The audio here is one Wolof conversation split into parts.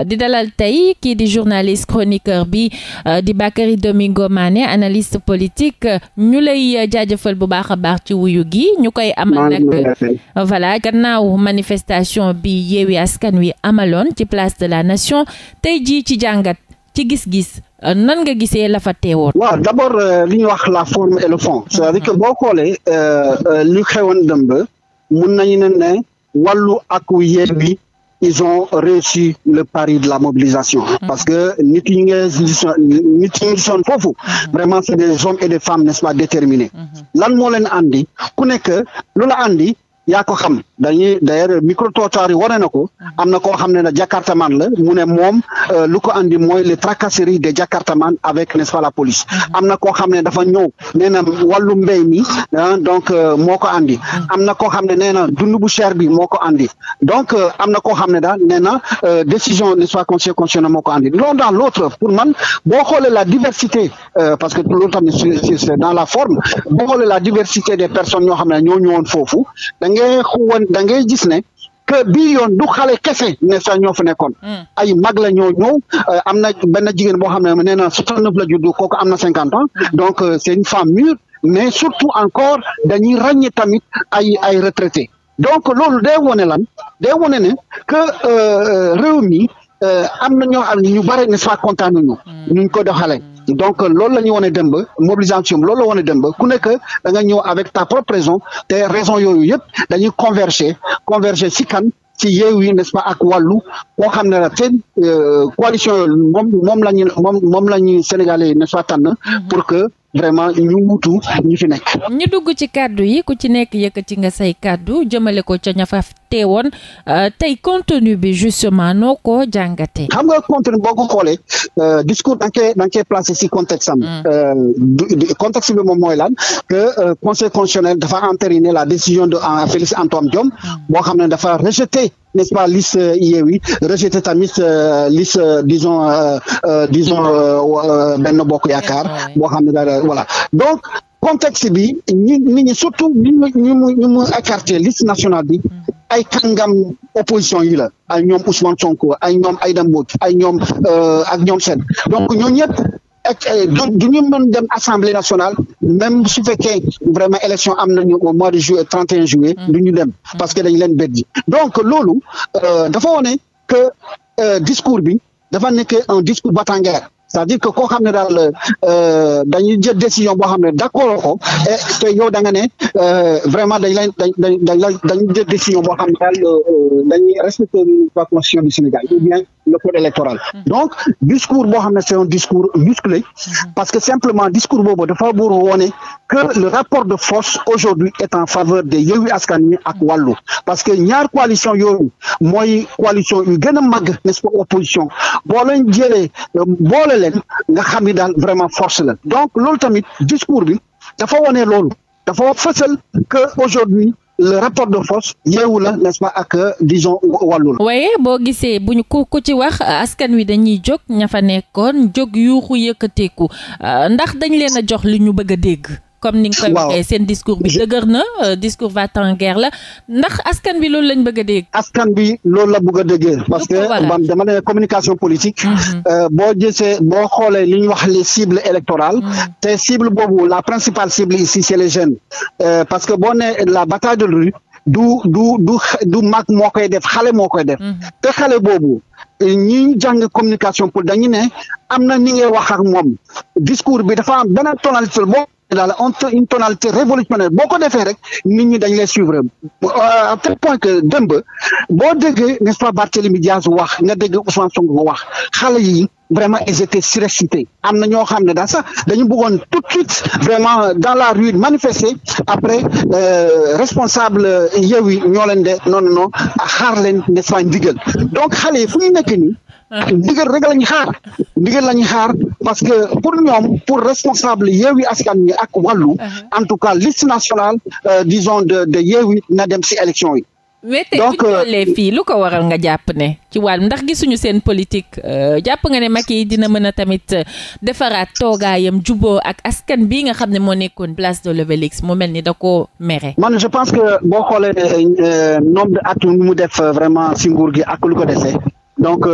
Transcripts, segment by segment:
Euh, di dalal tey kii di journaliste chroniqueur bi euh, di Bakary Domingo Mané analyste politique ñu lay jaajëfal bu baax a baax ci wuyu gi ñu koy amal nag voilà gannaaw manifestation bi Yewwi Askan Wi amaloon ci place de la nation tey jii ci jàngat ci gis-gis euh, nan nga gisee la fa teewoon. waaw d'abord wax la forme et c'est-à-dire que ah. boo xoolee li xewoon dëmb mun nañu ne ne wàllu ak Yewwi ils ont réussi le pari de la mobilisation. Mm-hmm. parce que nit ñi nga nit ñi sonn foofu. Mm-hmm. vraiment c'est des hommes et des femmes n'est-ce pas déterminés. Mm-hmm. lan moo leen andi ku nekk lu la andi. yaa ko xam dañuy d'ailleurs micro trottoir yi wane na ko am na koo xam ne na jakartaman la mu ne moom euh, lu ko andi mooy les tracasseries des jakartaman avec n'est-ce pas am na koo xam ne dafa ñëw nee na wàllu mbéy mi ah, donc euh, moo ko andi am na koo xam ne nee na dund bu cher bi moo ko andi donc euh, am na koo xam ne daal nee na décision n'est-ce moo ko andi l'un dans l'autre pour man boo xoolee la diversité parce que loolu tamit c'est dans la forme boo xoolee la diversité des personnes ñoo xam ne ñoo ñëwoon foofu da ngay xuwan da ngay gis ne que bii yoon du xale kese ne sax ñoo fa mm. ay mag la ñoo ñëw euh, am na benn jigéen boo xam ne nee na soixante neuf la juddu kooku am na cinquante mm. donc euh, c'est une femme mûre mais surtout encore dañuy ràññee tamit ay ay retraités donc loolu de wone lan day wone ne que euh, réew mi am na ñoo xam ne ñu bare ne sax kontaan nañu mm. ko doxalee. donc loolu la ñu wane dem ba mobilisation bi loolu la wane dem ba ku nekk da nga ñëw avec ta propre raison te raison yooyu yëpp dañuy converger converger si kan ci Yewwi nest ak wàllu koo xam ne la seen euh, coalition yooyu moom moom la ñu moom moom la ñu sénégalais yi n'est-ce pour que vraiment ñu wutu ñu fi nekk. ñu dugg ci kàddu yi ku ci nekk yëkkati nga say kàddu jëmale ko ca ña adopté woon euh, tey contenu bi justement noo ko jàngatee. xam nga contenu boo ko xoolee euh, discours da nga koy da nga koy placé si mm. euh, contexte bi moom mooy lan que conseil constitutionnel dafa enterine la décision de Félix Antoine jom mm. boo xam ne dafa rejeté. n'est-ce pas liste Yewwi rejeté tamit liste disons disons Benno Bokk Yaakaar boo xam ne daal voilà donc contexte bi ñi nit ñi surtout ñu mu ñu liste nationale bi mm. ay kàngam opposition yi la ay ñoom Ousmane Sonko ay ñoom Aïda Mbodj ay ñoom euh, ak ñoom seen donc ñoo ñëpp euh, du ñu mën dem assemblée nationale même su fekkee vraiment élection am nañu au mois de juillet trente et un juillet mm. du ñu dem mm. parce que dañ leen beddi donc loolu euh, dafa wone que discours bi dafa nekk un discours batanguère c'est-à-dire que koo xam ne daal euh, dañuy jël décision boo xam ne d'accord ko eh, te yow da nga ne euh, vraiment dañ lay dañ dañ dañ jël décision boo xam ne daal euh, dañuy respecter la constitution du Sénégal ou le code électoral mm-hmm. donc discours boo xam ne discours musclé mm-hmm. parce que simplement discours boobu dafa bur woone que le rapport de force aujourd'hui est en faveur de Yewwi Askan Wi ak Wallu parce que ñaar coalition yooyu mooy coalition yu gën a màgg n'est-ce opposition boo leen boole leen nga xam ni daal vraiment force la donc loolu tamit discours bi dafa wone loolu dafa fësal que aujourd'hui le rapport de force yeewu la nest pas ak euh, disons wàllu la. waaye boo gisee bu ñu ku ku ci wax askan wi dañuy jóg ña fa nekkoon jóg yuuxu yëkkateeku euh, ndax dañu leen a jox li ñu bëgg a dégg. comme ni nga koy waxee seen discours bi dëgër na euh, discours va t en la ndax askan bi loolu lañ bëgg a dégg askan bi loolu la bëgg a déggee parce que man dama ne communication politique mhm. euh, boo jësee boo xoolee li ñuy wax les cibles électorales mhm. te cible boobu la principale cible ici c'est les jeunes euh, parce que boo nee la bataille de rue du du du du mag moo koy def xale moo koy def mhm. te xale boobu ñi jàng communication pour dañu ne am na ni ngay wax moom discours bi dafa am beneen tonalité boo daal une tonalité révolutionnaire boo ko defee rek nit ñi dañ lay suivre euh, à tel point que démb boo déggee n'est-ce pas Barthélémy Diaz wax nga dégg Ousmane Sonko wax xale yi vraiment ils étaient surexcités am na ñoo xam ne daal sax dañu bëggoon tout de suite vraiment dans la rue manifester après euh, responsable Yewwi ñoo leen de non non non xaar leen n'est-ce donc xale fu ñu nekk nii ndigal rek la ñu xaar ndigal la ñu xaar parce que pour ñoom pour responsable Yewwi Askan Wi ak wàllu en tout cas liste nationale euh, disons de de Yewwi na dem si élection yi wete donc euh, tollee fii lu ko waral nga jàpp ne ci wàllum ndax gisuñu seen politique euh, jàpp nga ne mag Macky dina mën a tamit euh, defaraat toogaayam juboo ak askan bii nga xam ne moo nekkoon place de l'Obélisque mu mel ni da koo mere. man je pense que boo xoolee nombre de at mu def vraiment si gi ak lu ko dese donc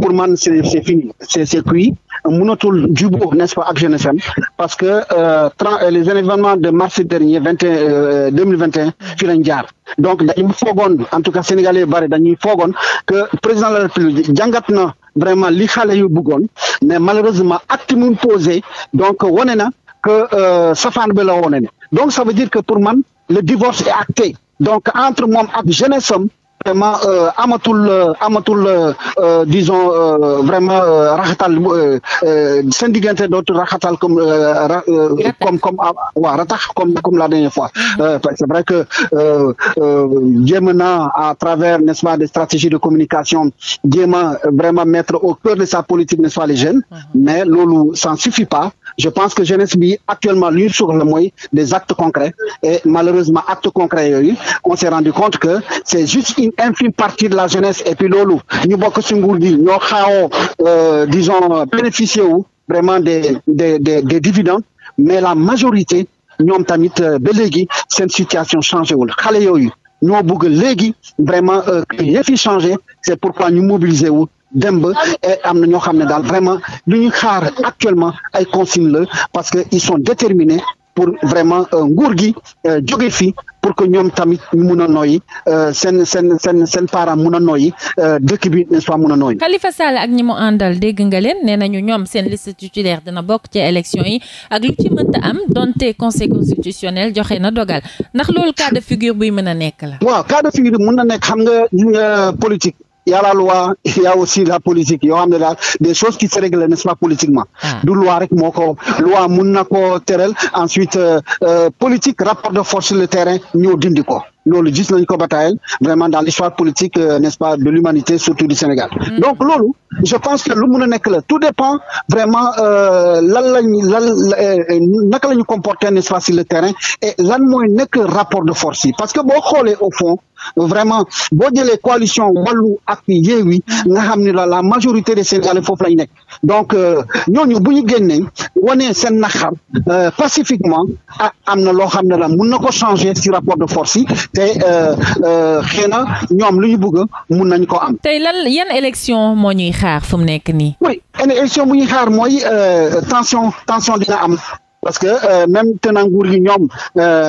pour man c'est c'est fini c'est c'est cuit mënatul jubóo n'est-ce pas ak jeunesse am parce que euh, euh, les événements de mars dernier vingt et euh, deux mille vingt et un fi lañ jaar donc dañu foogoon en tout cas sénégalais yu bari dañuy foogoon que président de la république jàngat na vraiment li xale yu bëggoon mais malheureusement acte mu posé donc wane na que safaan bi la wane ne donc ça veut dire que pour man le divorce est acté donc entre moom ak jeunesse am vraiment euh, amatul euh, amatul euh, disons vraiment raxatal seen diggante dootul raxatal comme comme comme ah, waaw ratax comme comme la dernière fois mm-hmm. c'est vrai que jéem na à travers n'est-ce pas des stratégies de communication jéem a vraiment mettre au cœur de sa politique n'est-ce les jeunes mm-hmm. mais loolu ça suffit pas je pense que jeunesse bi actuellement lu ñu soxla mooy des actes concrets et malheureusement actes concrets yooyu on s'est rendu compte que c'est juste une infime partie de la jeunesse et puis loolu ñu bokk ci nguur gi ñoo xaawoo euh, disons bénéficier wu vraiment des des des des dividendes mais la majorité ñoom tamit euh, ba léegi seen situation changé wul xale yooyu ñoo bëgg léegi vraiment euh, que yëf yi changé c'est pourquoi ñu mobiliser wu. dem ah ba am na ñoo xam ne daal vraiment lu ñu xaar actuellement ay consigne la parce que ils sont déterminés pour vraiment euh, nguur gi euh, jóge fi pour que ñoom tamit ñu mun a noyyi euh, seen seen seen seen parent mun a noyyi dëkk bi ne soit mun a noyyi. Khalifa Sall ak ñi mu àndal dégg nga leen nee nañu ñoom seen liste titulaire dina bokk ci élection yi ak lu ci mënta am donte conseil constitutionnel joxe na dogal ndax loolu cas figure buy mën a nekk la. waaw cas figure mun na nekk yala y a la loi aussi la politique yoo xam ne daal des choses qui se règlent n'est-ce pas politiquement. Ah. du loi rek moo ko loi mun na ko tëral ensuite euh, euh, politique rapport de force le terrain ñoo dindi ko. loolu gis nañ ko bataille vraiment dans l'histoire politique euh, n'est-ce pas de l'humanité surtout du Sénégal mm. donc loolu je pense que lu mun a nekk la tout dépend vraiment euh, lan la lan euh, naka la ñu comporter n'est-ce pas sur le terrain et lan mooy nekk rapport de force yi parce que boo xoolee au fond vraiment boo jëlee coalition wàllu ak Yewwi nga xam ni la la majorité des Sénégalais foofu lañ nekk donc ñooñu bu ñu génnee wane seen naxar pacifiquement a ah, am na loo xam ne la mën na ko changer ci rapport de force yi te euh, euh, xëy na ñoom lu ñu bëgg mun nañ ko am. tey lan yan élection moo ñuy xaar fu mu nekk nii. oui élection bu ñuy xaar mooy euh, tension tension dina am. parce que euh, te tenant nguur gi ñoom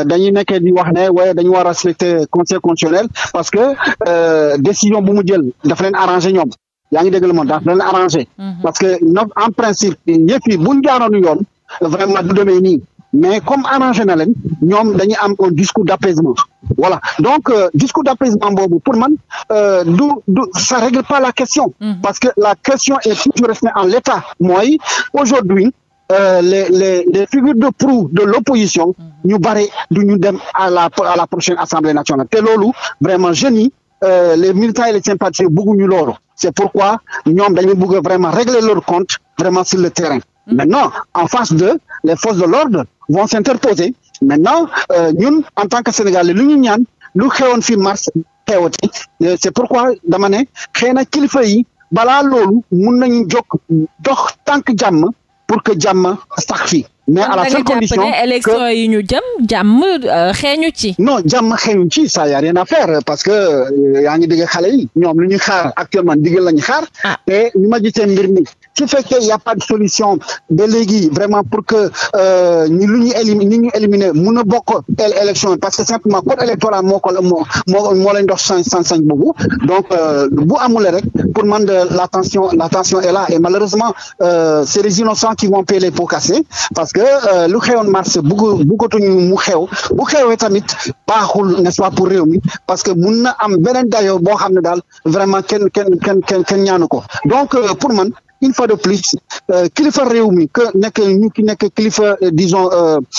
dañuy nekk di wax ne waaye dañu war a respecter conseil constitutionnel parce que euh, décision bu mu jël dafa leen arrangé ñoom yaa ngi dégg le moom dafa leen arrangé. Mhm. parce que en principe yëpp yi bu yoon vraiment du demee nii. mais comme arrangé na leen ñoom dañuy am un discours d'apaisement voilà donc euh, discours d'apaisement boobu pour man euh, du du ça règle pas la question mhm. parce que la question est toujours restée en l'état mooy aujourd'hui Euh, les les les figures de proue de l'opposition mhm. ñu bare du ñu dem à la à la prochaine assemblée nationale te loolu vraiment jeunes euh, yi les militants et les sympathisants bëgguñu loolu c'est pourquoi ñoom dañu bëgg vraiment régler leur compte vraiment sur le terrain Mm-hmm. Maintenant, en face d'eux, les forces de l'ordre vont s'interposer. Maintenant, euh, ñun en tant que Sénégalais lu ñu ñaan lu xewoon fi mars xewati euh, c'est pourquoi dama ne xëy na kilifa yi balaa loolu mun nañu jóg dox tànk jàmm pour que jàmm sax fii mais à la seule condition que élection ñu jëm jàmm euh, xeeñu ci. non jàmm xeeñu ci ça y a rien à parce que euh, yaa ngi digg xale yi ñoom lu ñuy xaar ah. actuellement digal lañu xaar. Ah. te ñu ma gisee mbir mi su fekkee y a pas de solution ba léegi vraiment pour que euh, ñu lu ñu élimi ñu ñu éliminer mun a bokk élection parce que simplement code électoral moo ko moo moo moo leen dox sañ sañ sañ boobu donc bu amule rek pour man de la tension la tension est là et malheureusement c'est les innocents qui parce que euh, lu xewoon mars bugg buggatuñu mu xew bu xewee tamit baaxul n'est-ce réew mi parce que mun na am beneen dayo boo xam ne daal vraiment kenn kenn kenn kenn kenn ñaanu ko donc euh, pour man une fois de plus euh, kilifa réew mi que nekk ñu ki nekk kilifa disons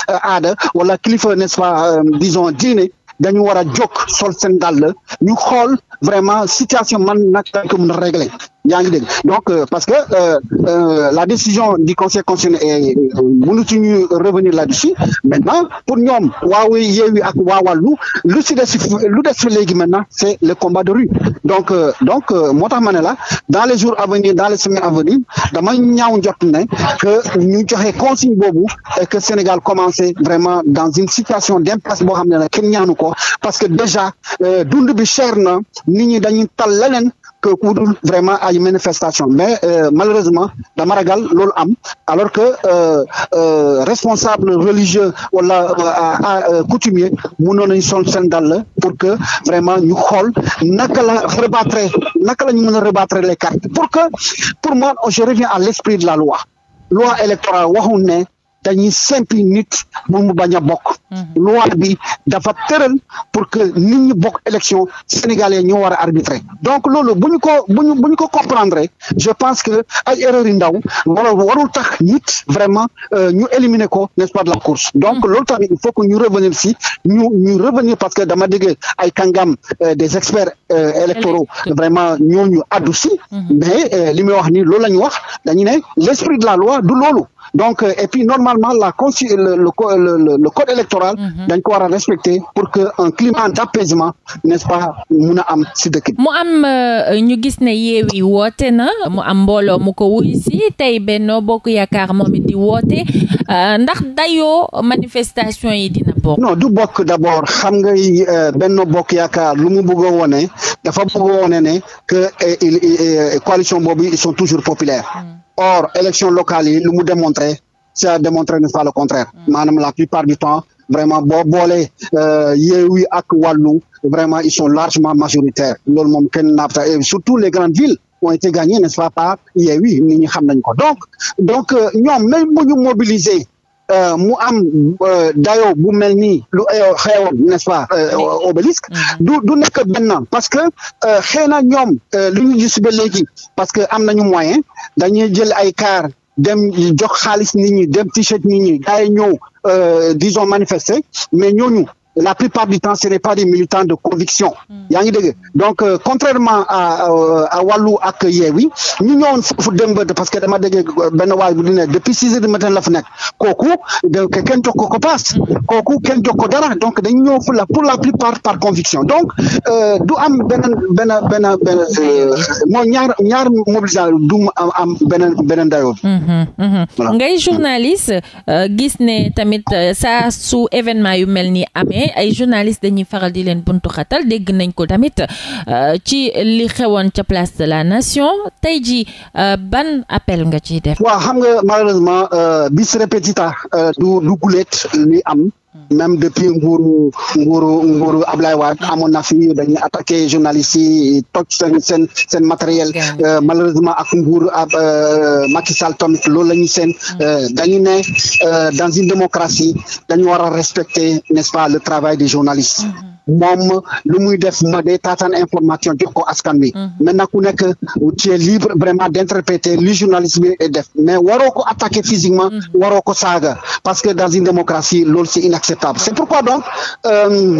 aada wala kilifa nest dison pas disons diine dañu war a jóg sol seen dàll ñu xool vraiment situation man nag dañ mun a régler yaa ngi dégg donc euh, parce que euh, euh, la décision du conseil constitutionnel euh, mënu suñu revenir là-dessus maintenant pour ñoom waa Yewwi ak waa Wallu lu si des lu des fi léegi maintenant c'est le combat de rue donc donc moo tax ma ne la dans les jours à venir dans les semaines à venir dama ñaaw njot ne que ñu joxe consigne boobu et que Sénégal commencé vraiment dans une situation d'impasse boo xam ne la kenn ñaanu ko parce que déjà dund bi cher na nit ñi dañuy tal leneen que ku dul vraiment ay manifestation mais euh, malheureusement dama ragal loolu am alors que euh, euh, responsable religieux wala coutumier mënoon nañu son seen dàll pour que vraiment ñu xool naka la rebattre naka la ñu mën a rebattre les cartes pour que pour moi je reviens à l'esprit de la loi loi électorale waxuñ dañuy simpi nit moom mu bañ a bokk. Mhm. loi bi dafa tëral pour que nit ñi bokk élection sénégalais ñoo war a arbitrer donc loolu bu ñu ko bu ñu bu ñu ko comprendre je pense que ay erreurs yu ndaw wala warul tax nit vraiment euh, ñu éliminer ko n'est-ce pas de la course donc mhm. loolu tamit il faut que ñu revenir si ñu ñu revenir parce que dama dégg ay kàngam euh, des experts euh, électoraux vraiment ñooñu addu si mhm. mais li muy wax ni loolu la ñu wax dañu ne l'esprit de la loi du loolu donc euh, et puis normalement la consi le le le, le code électoral. Mhm. dañ ko war a respecter pour que un climat d' apaisement n'est-ce pas mun a am si dëkk bi. mu am euh, ñu gis ne Yewwi woote na mu am mbooloo mu ko wuy si tey Benno Bokk Yaakaar moom it di woote euh, ndax dayoo manifestation yi dina bokk. non du bokk d' abord xam nga Benno Bokk Yaakaar lu mu bëgg a wone dafa bëgg wone ne que coalition boobu ils sont toujours populaires. Mm. or élection locale yi nu mu démontré ça a démontré ne pas le contraire mm. maanaam la plupart du temps vraiment boo boolee euh, Yewwi ak Wallu vraiment ils sont largement majoritaires loolu moom kenn naata et surtout les grandes villes ont été gagnées n'est-ce pas par Yewwi nit ñi xam nañ ko donc donc euh, ñoom même bu ñu mobiliser Euh, mu am euh, dayo bu mel nii lu euh, xewoon n'est-ce pas obélisque mm-hmm. du du nekk parce que xëy na ñoom lu ñu gis ba léegi parce que am nañu moyen dañuy jël ay car dem jox xaalis nit ñi dem t-shirt nit ñi gars yi ñëw disons manifester mais ñooñu la plupart du temps ce n'est pas des militants de conviction hmm. yaa ngi dégg donc euh, contrairement à euh, à wàllu ak Yewwi ñu ñëwoon fu dem ba parce que dama dégg euh, benn waay bu di ne depuis six heures du matin la fa nekk kooku donc kenn jox ko ko paas hmm. kooku kenn jox ko dara donc dañu ñëw fu la pour la plupart par conviction donc euh, du am beneen benn benn benn moo ñaar ñaar mobilisation du am am beneen beneen dayoo bi mhm, mhm. ngay journaliste gis ne tamit sa su événement yu mel ni amee ne ay journaliste dañuy faral di leen buntu xatal dégg nañ ko tamit euh, ci li xewoon ca place de la nation tey ji euh, ban appel nga ci def. waaw xam nga malheureusement euh, bis répétita du du gulet li am. même depuis nguuru nguuru nguuru Ablaye Wade amoon na fi dañuy attaqué journalistes yi toj seen seen seen matériel euh, malheureusement ak nguuru euh, Macky Sall tamit loolu la ñuy seen mm. euh, dañu ne dans une démocratie dañu war a respecter n'est-ce pas le travail des journalistes. Mm-hmm. moom lu muy def ma day taataan information jox ko askan wi. Mhm. maintenant ku nekk tu es libre vraiment d' interpréter li def mais waroo ko attaquer physiquement. Mhm. waroo saaga parce que dans une démocratie loolu c' est inacceptable c' est pourquoi donc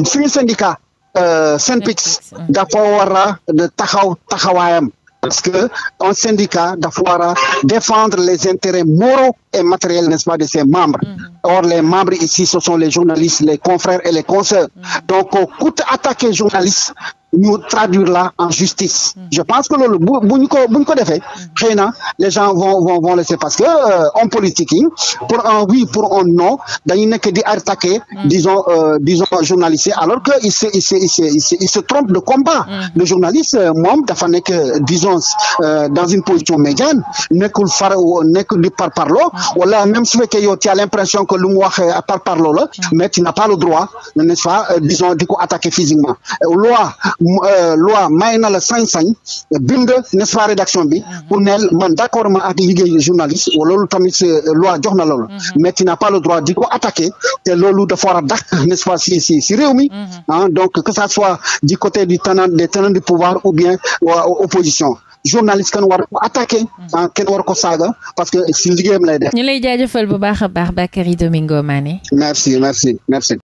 suñu euh, syndicat. Euh, SYNPICS dafa war a taxaw taxawaayam. Parce qu'un syndicat dafa war a défendre les intérêts moraux et matériels, n'est-ce pas, de ses membres. Mmh. Or, les membres ici, ce sont les journalistes, les confrères et les consoeurs. Mmh. Donc, coûte attaquer journalistes, ñu traduire la en justice. Mm. je pense que loolu bu bu ñu ko bu ñu ko defee mm. xëy na les gens vont vont vont laisser parce que en euh, politique yi pour un oui pour un non dañu nekk di attaquer mm. disons euh, disons journalistes yi alors que il se il se il trompe de combat. le journaliste euh, moom dafa nekk disons dans une position médiane nekkul far nekkul di par parlo wala même su fekkee yow tu as l'impression que lu mu wax par parlo la mais tu n'as pas le droit n'est-ce pas disons di ko physiquement loi. Euh, loi may na la sañ-sañ bind n'est-ce pas rédaction bi mhm. pour neel man d'accord ma ak liggéey journaliste loolu tamit euh, loi jox na loolu mhm. mais tu n'as pas le droit di ko attaquer te loolu dafa war a dàq n'est-ce pas si si si réew mi mhm. ah donc que ça soit du côté du tenant des tenants du pouvoir ou bien opposition journaliste kenn war ko attaqué ah, kenn war ko saaga parce que si liggéeyam lay def. ñu lay jaajëfal bu baax a baax Bakary Domingo Mané. merci merci.